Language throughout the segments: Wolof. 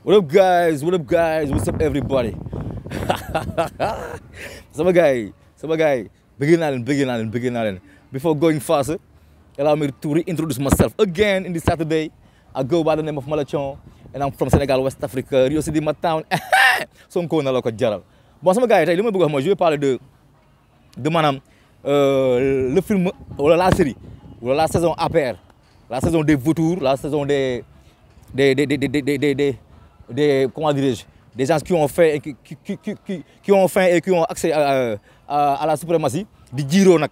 What up, guys? What up, guys? What's up, everybody? Some guy, some guy, begin naa begin bëgg begin leen before going faster allow me to reintroduce myself again in this Saturday I go by the name of Malachon and I'm from Senegal West Africa Rio City my town Sonko na la ko jaral bon sama gaay tey li ma bëgg wax mooy je vais the man, de maanaam euh, le film wala la série wala la saison APR la saison des vautours la saison des des des des des des, des, des des, comment des gens qui ont fait et qui, qui, qui, qui, qui ont faim et qui ont accès à, à, à la suprématie di jiiroo nag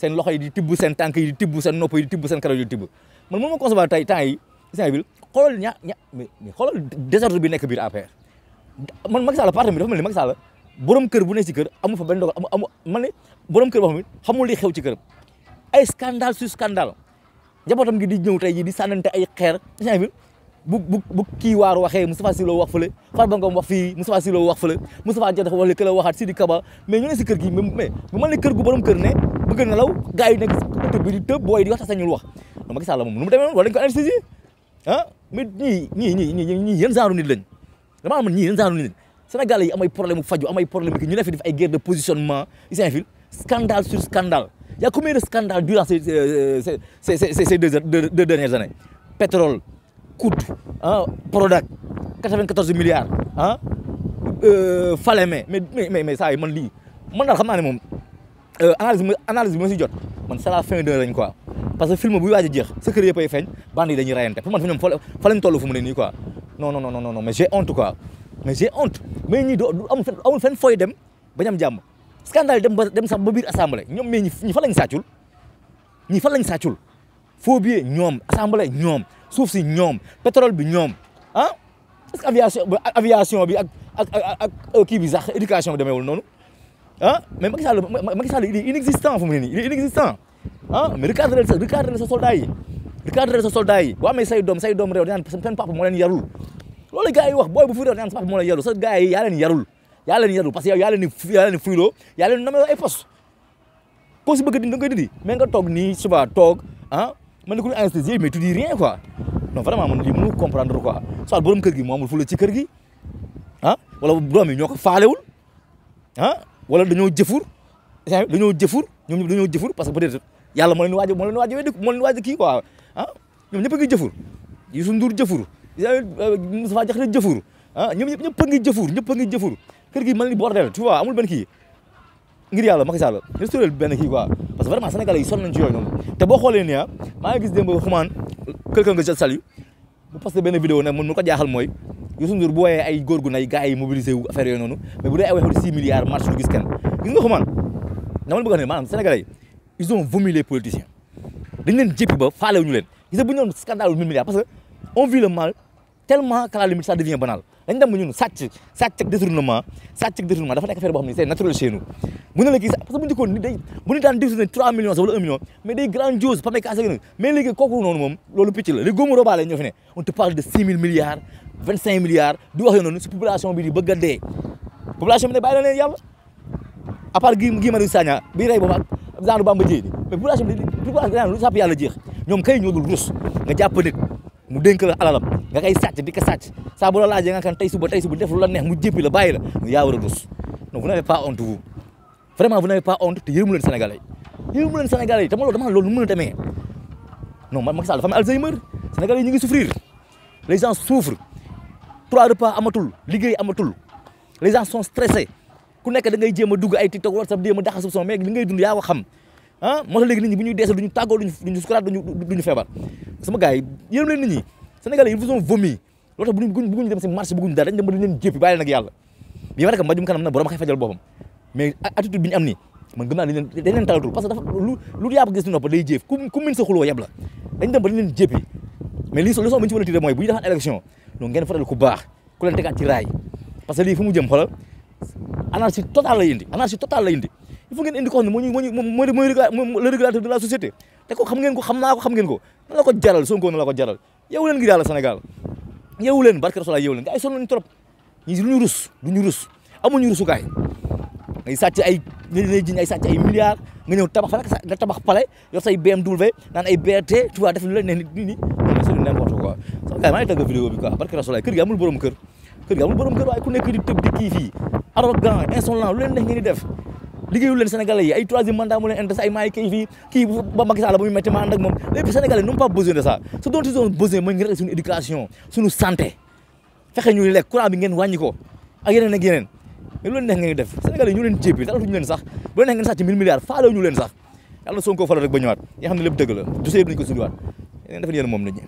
seen loxo yi di tibb seen tànk yi di tibb seen nopp yi di tibb seen karaw yi di tibb man mënuma concevoir tey temps yi Saint-Ville xoolal ña ña mais xoolal désordre bi nekk biir APR man Macky Sall parti bi dafa mel ni Macky Sall borom keur bu ne si keur amu fa ben dogal amu amu man ne borom keur boo xam ne xamul li xew ci këram ay scandale sur scandale njabootam gi di ñew tay ji di sànnante ay xeer saint bu bu bu kii waar waxee Moustapha Cissé Lo wax fële Farba Ngom wax fii Moustapha Cissé Lo wax fële Moustapha Dia dafa wax li këla waxaat Sidi Kaba mais ñu ne si kër gi mais bu ma ne kër gu borom kër ne bëgg na law gars yi nekk ëtt bi di tëb booy di wax tax sañul wax da ma gis àlla moom nu mu demee noonu wala dañ ko anesthésie ah mais ñii ñii ñii ñii ñii yéen genre nit lañ dama am ñii yéen genre nit lañ Sénégalais yi amay problème bu faju amay problème que ñu ne fi def ay guerre de positionnement isin fil scandale sur scandale y a combien de scandale durant euh, euh, ces ces ces ces deux deux dernières années pétrole COUD ah Prodac 94 milliards ah euh, Falémé mais mais mais saa yi man lii man daal xam naa ne moom euh, analyse bi analyse bi ma si jot man c'est fin de lañ quoi parce que film bu waaj a jeex sa kër yëpp ay feeñ bande yi dañuy rayante pour man fi ñoom fa lañ mu ne nii quoi non non non non mais honte quoi mais j'ai honte mais ñii doo amul fenn amul dem bañ am scandale dem sax ba biir assemblée ñoom mais ñi ñi fan ñi fan lañ sàccul faux ñoom assemblée ñoom. suuf si ñoom pétrole bi ñoom ah est-ce aviation aviation bi ak ak ak kii bi sax éducation bi demeewul noonu ah mais Macky Sall Macky Sall il est inexistant fu mu ne nii il est inexistant ah mais recadrel sa recadrel sa yi recadrel sa soldats yi boo amee say doom say doom réew di naan seen papa moo leen yi wax booy bu sa papa moo leen yarul sa gars yi yaa leen yarul yaa leen yarul parce que yow yaa leen di yaa leen di fuyloo yaa leen di namee ay nga koy toog nii suba toog ah? man ne ku ñu anesthésié mais tu dis rien quoi non vraiment man lii mënu comprendre quoi soit borom kër gi moo amul fula ci kër gi ah wala doom yi ñoo ko faalewul ah wala dañoo jëfur dañoo jëfur ñoom dañoo jëfur parce que peut être yàlla moo leen waaj moo leen waaj weddi ko leen waaj kii quoi ah ñoom ñëpp a ngi jëfur Youssou Ndour jëfur euh, Moustapha Diakhaté jëfur ah ñoom ñëpp ñëpp a ngi ñëpp a ngi kër gi mel ni bordel tu vois amul benn kii ngir yàlla Macky Sall restauré benn kii quoi parce que vraiment sénégalais yi sonn nañ ci te boo xoolee nii ah, maa ngi gis démb xumaan quelqu'un que je salue bu posté benn vidéo nag man mu ko jaaxal mooy Youssou Ndour bu ay góor gu nay gars yi wu affaire yooyu noonu mais bu ay waxu 6 milliards marche lu gis kenn gis nga xumaan dama la bëgg a ne maanaam sénégalais ils ont vomi les politiciens dañ leen ba faalewu ñu leen gis bu ñu doon scandale tellement qu'à la limite ça devient banal dañ dem ñun sàcc sàcc ak détournement sàcc ak détournement dafa nekk affaire boo xam ne c'est naturel chez nous ne la kii parce que bu ñu dikkoon ni day bu ñu daan détourné 3 day grandiose pamee kaase na mais léegi kooku noonu moom loolu picc la léegi robaale ñoo fi ne on te de 6 000 milliards 25 milliards di wax noonu si population bi di bëgg dee population bi ne bàyyi la leen yàlla à part Guy nga kay sàcc di ko sàcc saa bu la laajee kan tay suba tay suba def lu la neex mu jepi la bayila la yaa war a rus vous n'avez pas honte vous vraiment vous n'avez pas honte te yërëmu Sénégalais yi Sénégalais yi te ma loolu dama loolu meuna mën non ma Sall fam Alzheimer Sénégalais ñi ngi souffrir les gens souffrent trois repas amatul liguey amatul les gens sont stressés eh. ku nek da ngay jema a dugg ay TikTok WhatsApp jéem a daxasu son mais li ngay dund ya ko xam ah mo tax léegi nit ñi bu ñu deesal duñu tàggoo duñu duñu sukkar duñu duñu feebar sama gaay yi leen nit ñi Sénégalais yi ils vomi loolu tax bëgguñ marché bëgguñ dara dañ dem ba dañ kanam na borom xëy fajal boppam mais attitude bi ñu am nii man gëm naa leen dañ leen talatul lu lu gis di day jéef ku min sa xuloo yeb la dañ dem ba dañ leen mais li leçon bi ci mën a tiré mooy bu ñu defaan élection donc ngeen faral ku baax ku leen tegaat ci raay parce que lii fu mu jëm xoolal anarchie totale lay indi anarchie totale lay indi il faut ngeen indi ko xam de te ko xam ngeen ko xam naa ko xam ngeen ko na la ko jaral Sonko na la ko jaral yeewu leen ngir yàlla Sénégal yeewu leen barke Rasulullah yeewu leen ay sonn nañu trop ñu lu ñu rus lu ñu rus amuñu rusukaay ngay sàcc ay nga lay jiñ ay sàcc ay milliards nga ñëw tabax fa nag nga tabax pale yor say BMW naan ay BRT tu vois def lu la ne nit nii non c'est n'importe quoi sama gars maa ngi tàggat vidéo bi quoi barke Rasulullah kër gi amul borom kër kër gi amul borom kër waaye ku nekk di tëb di kii fii arrogant insolent lu leen neex ngeen di def liggéeyul leen sénégalais yi ay troisième mandat moo leen intéressé ay maay kii fii kii ba Macky Sall ba muy métti ma ànd moom lépp sénégalais n'ont pas besoin de ça ce dont ils ont mooy ngeen rek suñu éducation suñu santé fexe ñu lekk courant bi ngeen wàññi ko ak yeneen ak yeneen mais loolu neex ngeen def sénégalais ñu leen jéppi dara ñu leen sax bu neex ngeen sax ci mille milliards faalewu ñu leen sax yàlla Sonko faral rek ba ñëwaat yaa waat ngeen